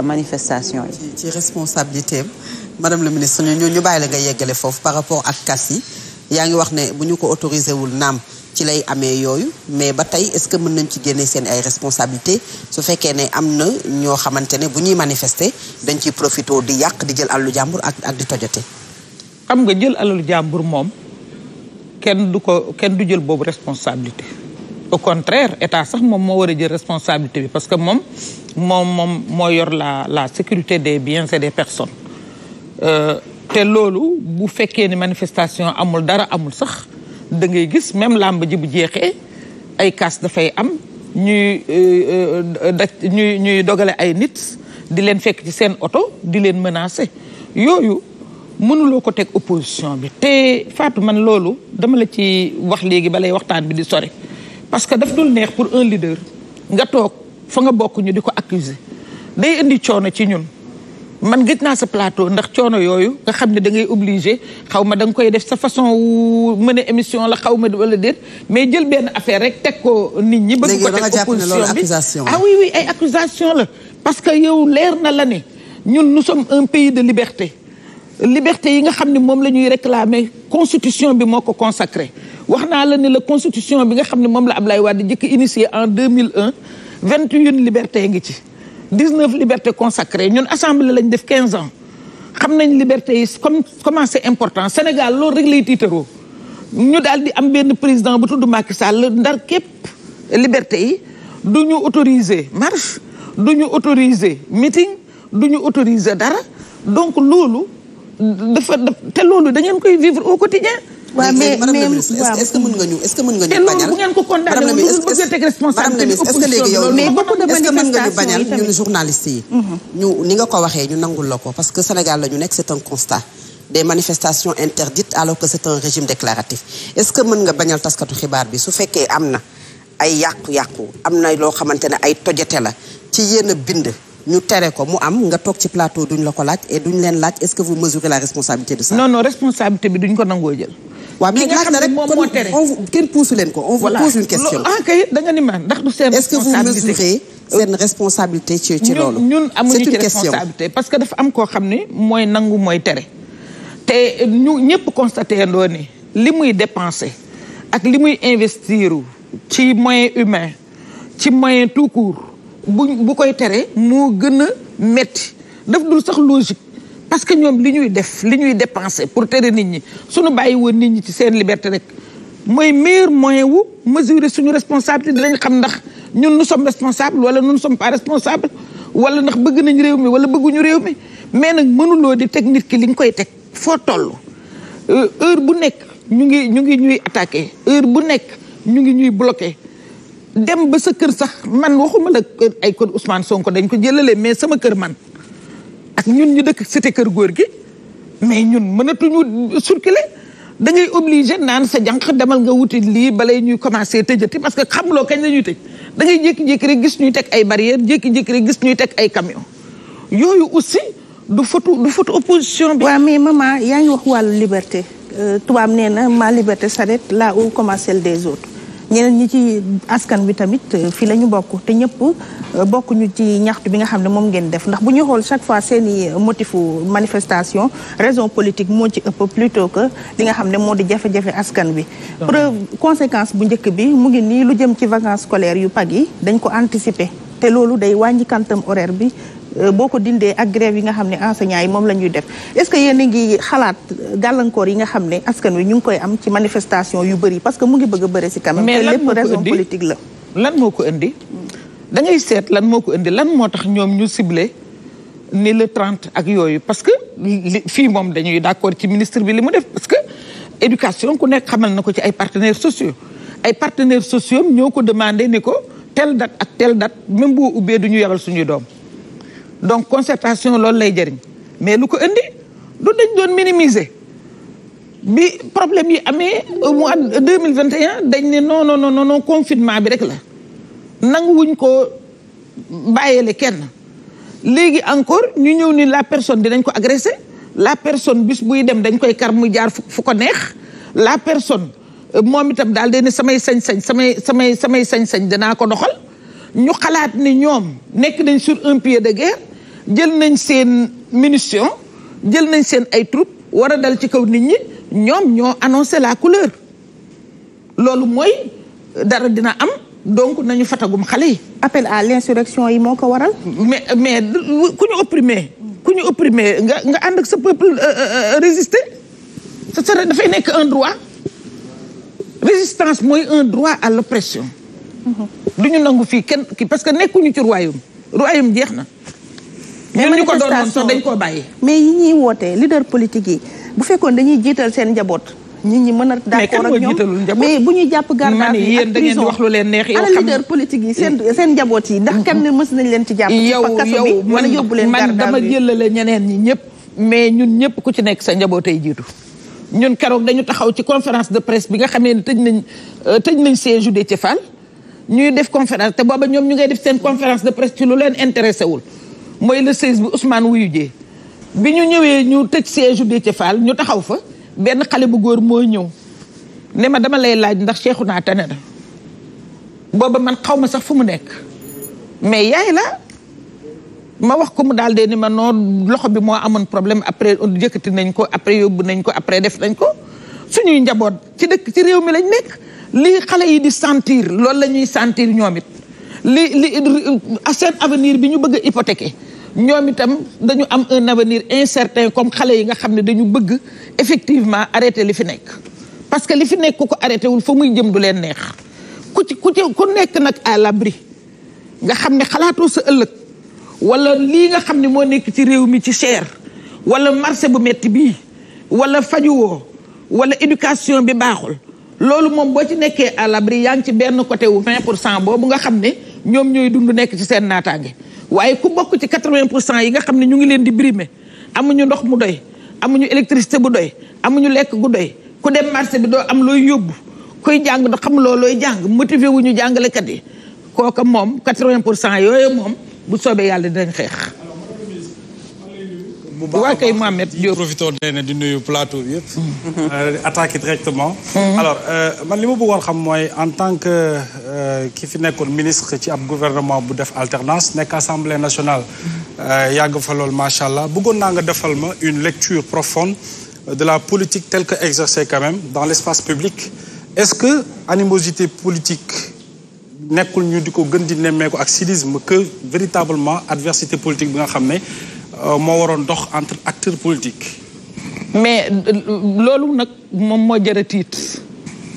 manifestation yi. ci responsabilité am madame la ministre ñu ñu bàyyi la nga yeggale foofu par rapport ak cas yi yaa ngi wax ne bu ñu ko autorisé wul naam ci lay amee yooyu mais ba tey est-ce que mën nañ ci génne seen ay responsabilité su fekkee ne am na ñoo xamante ne bu ñuy manifester dañ ciy profité di yàq di jël allu jàmbur ak ak di tojate. xam nga jël alalu jàmbur moom kenn du ko kenn du jël boobu responsabilité au contraire état sax moom moo war jël moom moom moo yor la la sécurité des biens et des personnes euh, te loolu bu fekkee ni manifestation amul dara amul sax da ngay gis même làmba ji bu jeexee ay kaas dafay am ñuy euh, euh, da ñuy ñuy dogale ay nit di leen fekk ci seen oto di leen menacer yooyu mënuloo ko teg opposition bi te Fatou man loolu dama la ci wax léegi balay waxtaan bi di sore parce que daf dul neex pour un leader nga toog fa nga bokk ñu di ko accuser day indi coono ci ñun man gis naa sa plateau ndax coono yooyu nga xam ne da ngay obligé xaw ma da nga koy def sa façon wu mën émission la xaw ma wala déet mais jël benn affaire rek teg ko nit ñi. bëgg ko teg opposition bi ah oui oui ay accusation la. parce que yow leer na la ne ñun nous sommes un pays de liberté liberté yi nga xam ni moom la ñuy réclamer constitution bi moo ko consacré wax naa la ne la constitution bi nga xam ne moom la Ablaye Wade jëkk initié en 2001. vingt et une liberté ngi ci dix-neuf liberté consacré ñun assemblée lañu def quinze ans xam nañ liberté yi comme comment important Sénégal loolu rek lay tiitaroo ñu daal di am benn président bu tudd Macky Sall ndar képp liberté yi du ñu autoriser marche du ñu autoriser meeting du ñu autoriser dara donc loolu dafa te loolu da ngeen koy vivre au quotidien waaw mais mais waaw est-ce que mën nga ñu est-ce que mën nga ñu bañal. madame la yi. Mhm. ñu ni nga ko waxee ñu nangul la ko parce que Sénégal la ñu nekk c'est un constat. des manifestations interdites alors que c'est un régime déclaratif est-ce que mën nga bañal taskatu xibaar bi su fekkee am na ay yàqu-yàqu am na loo xamante ne ay tojate la ci yenn bind. ñu tere ko mu am nga toog ci plateau duñ la ko laaj et duñ leen laaj est-ce que vous mesurez la responsabilité de ça. non non responsabilité bi duñ ko nangoo jël. waaw mais laaj na rek kon on kenn puusu leen ko. on vous pose une question voilà ah kay da nga am koo xam ne mooy nangu mooy tere. te ñu ñëpp constaté ndoo ni li muy dépenser ak li muy investir ci moyen humain ci moyen tout court. bu bu koy teree moo gën a metti daf dul sax logique parce que ñoom li ñuy def li ñuy dépenser pour tere nit ñi suñu bàyyi woon nit ñi ci seen liberté rek mooy meilleur moyen wu mesurer suñu responsabilité dinañ xam ndax ñun nous sommes responsables wala nous ne sommes pas responsables wala ndax bëgg nañ réew mi wala bëgguñu réew mi mais nag mënuloo di teg nit ki li nga koy teg foo toll euh, heure bu nekk ñu ngi ñu ngi ñuy attaqué heure bu nekk ñu ngi ñuy bloqué dem ba sa kër sax man waxuma la ay kër Ousmane Sonko dañ ko jëlale mais sama kër man ak ñun ñu dëkk cité kër góor gi mais ñun mënatuñu circuler da ngay obligé naan sa jànq demal nga wuti lii balay ñuy commencé tëjati parce que xamuloo kañ la ñuy tëj dangay jékki-jékki rek gis ñuy teg ay barrière jékki-jékki rek gis ñuy teg ay camion yooyu aussi du fotu du fotu opposition bi. waaw mais maman yaa ngi wax wàllu liberté euh, tubaab nee na ma liberté s'arrête là où commence des autres. ñeneen ñi ci askan wi tamit euh, fii la ñu bokk te ñëpp euh, bokkuñu ci ñaxtu bi nga xam ne moom ngeen def ndax bu ñu xool chaque fois seeni euh, motifu manifestation raison politique moo ci ëpp plutôt que li nga xam ne moo di jafe-jafe askan wi preuve conséquence bu njëkk bi mu ngi nii lu jëm ci vacances scolaires yu pag yi dañ ko anticiper te loolu day wàññi kantam horaire bi Euh, boo ko dindee ak grève yi nga xam ne enseignants yi moom la ñuy def est-ce que yéen ngi xalaat gàllankoor yi nga xam ne askan wi ñu ngi koy am ci manifestation yu bëri parce que mu ngi bëgg a bëri si kanam mais lépp raison politique la lan moo ko indi da ngay seet lan moo ko indi lan moo tax ñoom ñu ciblé ni le 30 ak yooyu parce que fii moom dañuy d'accord ci ministre bi li mu def parce que éducation ku nekk xamal na ko ci ay partenaires sociaux ay partenaires sociaux ñoo ko demandé ni ko tel date ak telle date même boo ubbee du ñu yabal suñuy doom donc concertation loolu lay jëriñ mais lu ko indi du dañ doon minimiser bi problème yi amee mu at deux mille vingt et dañ ne non non non non bi rek la nanguwuñ ko bàyyele kenn léegi encore ñu ñëw ni la personne dinañ ko agressé la personne bis buy dem dañ koy kar muy jaar fu ko neex la personne moom itam daal di samay sañ-sañ samay samay samay sañ-sañ danaa ko doxal ñu xalaat ni ñoom nekk nañ sur un pied de guerre jël nañ seen munition jël nañ seen ay troupes war a dal ci kaw nit ñi ñoom ñoo annoncé la couleur loolu mooy dara dina am donc nañu fatagum xale yi. appel à l'insurrection yi moo ko waral. mais mais ku ñu opprimé. ku ñu opprimé nga nga ànd ak sa peuple euh, euh, euh, résister sa sera dafay nekk un droit résistance mooy un droit à l'oppression. Mm-hmm. du ñu nangu fii kenn kii parce que nekkuñu ci royaume royaume jeex na. mais ñu ko doon dañ koo bàyyi. mais yi ñuy woote leader politique yi bu fekkoon dañuy jiital seen njaboot. nit ñi mën a d'accord ak ñoom mais bu ñuy jàpp garda yi ak prison wax lu leen neex yow xam politique yi seen mm-hmm. seen njaboot yi ndax kam kenn mës nañ leen ci jàpp yow yow wala yóbbu leen man dama jëlale ñeneen ñi ñëpp mais ñun ñëpp ku ci nekk sa njabootay jiitu ñun keroog dañu taxaw ci conférence de presse bi nga xamee ne tëj nañ euh, tëj nañ siège u Déthié Fall ñuy def conférence te booba ñoom ñu ngay def seen conférence de presse ci lu leen mooy le 16 bi Ousmane wuyu jee bi ñu ñëwee ñu tëj siège Déthié Fall ñu taxaw fa benn xale bu góor moo ñëw ne ma dama lay laaj ndax naa Tane na booba man xaw ma sax fu mu nekk mais yaay la ma wax ko mu daal de ni ma noon loxo bi moo amoon problème après jëkkati nañ ko après yóbbu nañ ko après def nañ ko suñuy njaboot ci dëkk ci réew mi lañ nekk li xale yi di sentir loolu lañuy ñuy sentir ñoom it li li seen avenir bi ñu bëgg a hypothéquer ñoom itam dañu am un avenir incertain comme xale yi nga xam ne dañu bëgg effectivement arrêter li fi nekk parce que li fi nekk ko arrêté wul fa muy jëm du leen neex ku ci ku ci ku nekk nag à l'abri nga xam ne xalaatoo sa ëllëg wala lii nga xam ne moo nekk ci réew mi ci cher wala marché bu metti bii wala fajuwoo wala éducation bi baaxul loolu moom boo ci nekkee à l'abri yaa ngi ci benn côté wu vingt pour cent boobu nga xam ne ñoom ñooy dund nekk ci seen naataange waaye ku bokk ci 80 pour cent yi nga xam ne ñu ngi leen di brimer amuñu ndox mu doy amuñu électricité bu doy amuñu lekk gu doy ku dem marché bi doo am looy yóbbu koy jàng do xam loo looy jàng motivé wu ñu jàngalekat yi kooka moom 80 pour cent yooyu moom bu soobee yàlla dinañ xeex. bu baax waa kay Mohamed Diop profitoo dee ne di nuyu plateau bi yëpp mm-hmm. euh, attaqué directement mm-hmm. alors euh, man li ma bëggoon xam mooy en tant que euh, ki fi nekkoon ministre ci ab gouvernement bu def alternance nekk assemblée nationale yàgg fa lool macha allah bëggoon naa nga defal ma une lecture profonde de la politique telle que exercée quand même dans l'espace public est-ce que animosité politique nekkul ñu di ko gën di nemmeeku ak civisme que véritablement adversité politique bi nga xam ne Euh, moo waroon dox entre acteurs politique mais euh, loolu nag moom moo jërë tiit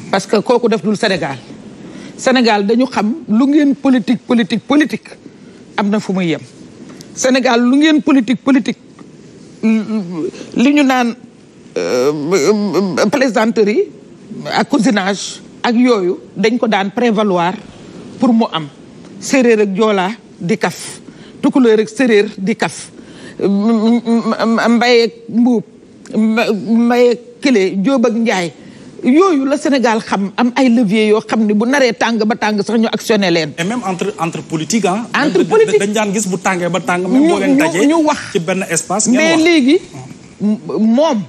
parce que kooku def dul Sénégal Sénégal dañu xam lu ngeen politique politique politique am na fu muy yem. Sénégal lu ngeen politique politique li ñu naan euh, plaisanterie ak cousinage ak yooyu dañ ko daan prévaloir pour mu am séeréer ak joolaa di kaf tukulóor ak séréer di kaf mbayeeg mbuub mbayeeg kële jóob ak njaay yooyu la Sénégal xam am ay levier yoo xam ne bu naree tàng ba tàng sax ñu actionné leen. même entre entre politique ah. entre politique dañ daan gis bu tàngee ba tàng. même boo leen dajee ñu wax ci benn espace. mais léegi mm. moom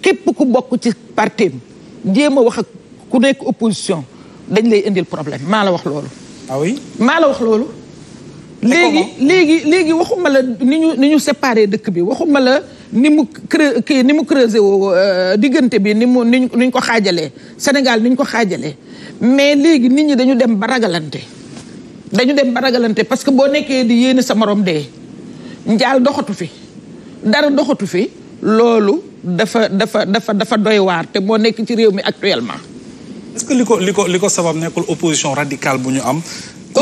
képp ku bokk ci parti jéem a wax ak ku nekk opposition dañ lay indil problème maa la wax loolu. Ah maa la wax loolu. léegi léegi léegi waxuma la ni ñu ni ñu séparé dëkk bi waxuma la ni mu creu kii ni mu creusé woo euh, diggante bi ni mu ni ñu ko xaajalee Sénégal ni ñu ko xaajalee mais léegi nit ñi dañu dem ba ragalante dañu dem ba ragalante parce que boo nekkee di yéene sa morom de njaal doxatu fi dara doxatu fi loolu dafa dafa dafa dafa doy waar te moo nekk ci réew mi actuellement. est que li ko li ko li ko sabab nekkul opposition radicale bu ñu am.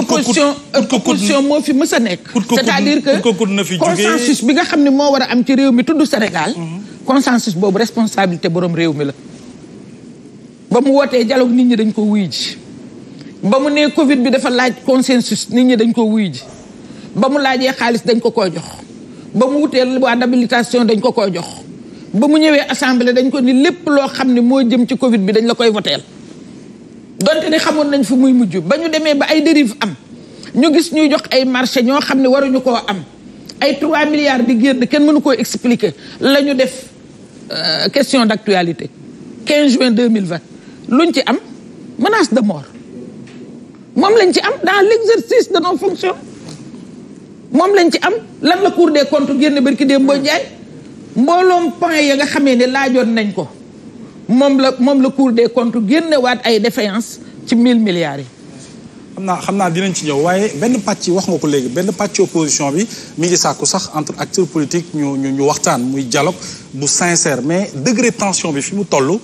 opposition opposition moo fi mës a nekk. c'est-à-dire que consensus bi nga xam ne moo war a am ci réew mi tudd Sénégal. consensus boobu responsabilité borom réew mi la. ba mu wootee dialogue nit ñi dañ ko wuy ji. ba mu nee Covid bi dafa laaj consensus nit ñi dañ koo wuy ji. ba mu laajee xaalis dañ ko koo jox. ba mu wutee loi d'habilitation dañ ko koo jox. ba mu ñëwee assemblée dañ ko nit lépp loo xam ne moo jëm ci Covid bi dañ la koy woteel donte ni xamoon nañ fu muy mujj ba ñu demee ba ay dérive am ñu gis ñuy jox ay marché ñoo xam ne waruñu koo am ay 3 milliards di génn kenn mënu koo expliquer la ñu def euh, question d'actualité 15 juin 2020 luñ ci am menace de mort moom lañ ci am dans l'exercice de nos fonctions moom lañ ci am lan la Cour des comptes génn barki démb Ndiaye mbooloom point ya nga xamee ne laajoon nañ ko moom la moom la cour des comptes génnewaat ay défaillance ci 1000 milliards yi. xam naa xam naa dinañ ci ñëw waaye benn pàcc wax nga ko léegi benn pàcc opposition bi mi ngi sax entre acteurs politiques ñu ñu ñu waxtaan muy dialogue bu sincère mais degré tension bi fi mu toll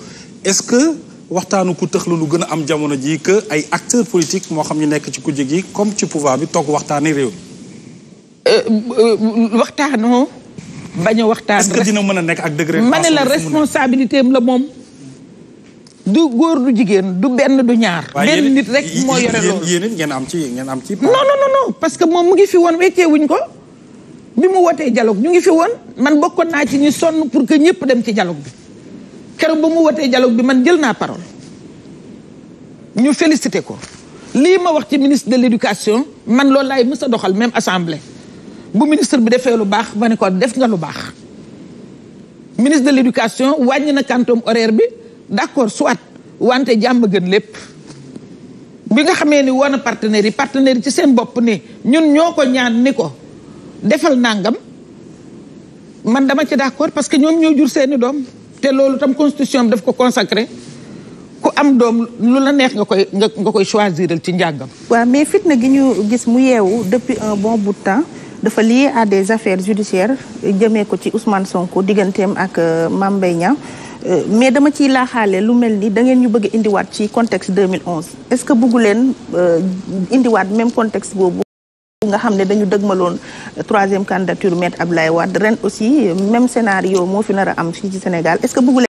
est-ce que waxtaanu ku tëx lu lu gën a am jamono jii que ay acteurs politiques moo xam ñu nekk ci kujje gi comme ci pouvoir bi toog waxtaanee réew mi. Euh, euh, waxtaanoo. bañ a waxtaan. est dina mën a nekk ak degré. tension bi ma ne la responsabilité moom. du góor du jigéen du benn du ñaar. benn nit rek moo yore loolu yéen ngeen am ci ngeen am ci. non non parce que moom mu ngi fi woon weccee wuñ ko bi mu wootee dialogue ñu ngi fi woon man bokkoon naa ci ñu sonn pour que ñëpp dem ci dialogue bi keroog ba mu wootee dialogue bi man jël naa parole ñu félicité ko. lii ma wax ci ministre de léducation man loolu laay mës a doxal même assemblée bu ministre bi defee lu baax ma ne ko def nga lu baax ministre de léducation éducation wàññi na quantum horaire bi. d'accord soit wante jàmm gën lépp bi nga xamee ni woon a partenaires yi partenaire ci seen bopp ne ñun ñoo ko ñaan ni ko defal nangam man dama ci d'accord parce que ñoom ñoo jur seeni doom te loolu tam constitution bi daf ko consacré ku am doom lu la neex nga koy nga koy choisiral ci njàngam. waaw mais fitna gi ñu gis mu yeewu depuis un bon bout temps dafa lié à des affaires judiciaires jëmee ko ci Ousmane Sonko digganteem ak euh, Mame Mbaye Euh, mais dama ciy laaxaale lu mel ni dangeen ngeen ñu bëgg indiwaat ci contexte 2011 est-ce que bëggu leen euh, indiwaat même contexte boobu nga xam ne dañu dëgmaloon troisième candidature ab Abdoulaye Wade ren aussi même scénario moo fi nar a am fii ci Sénégal est que bëggu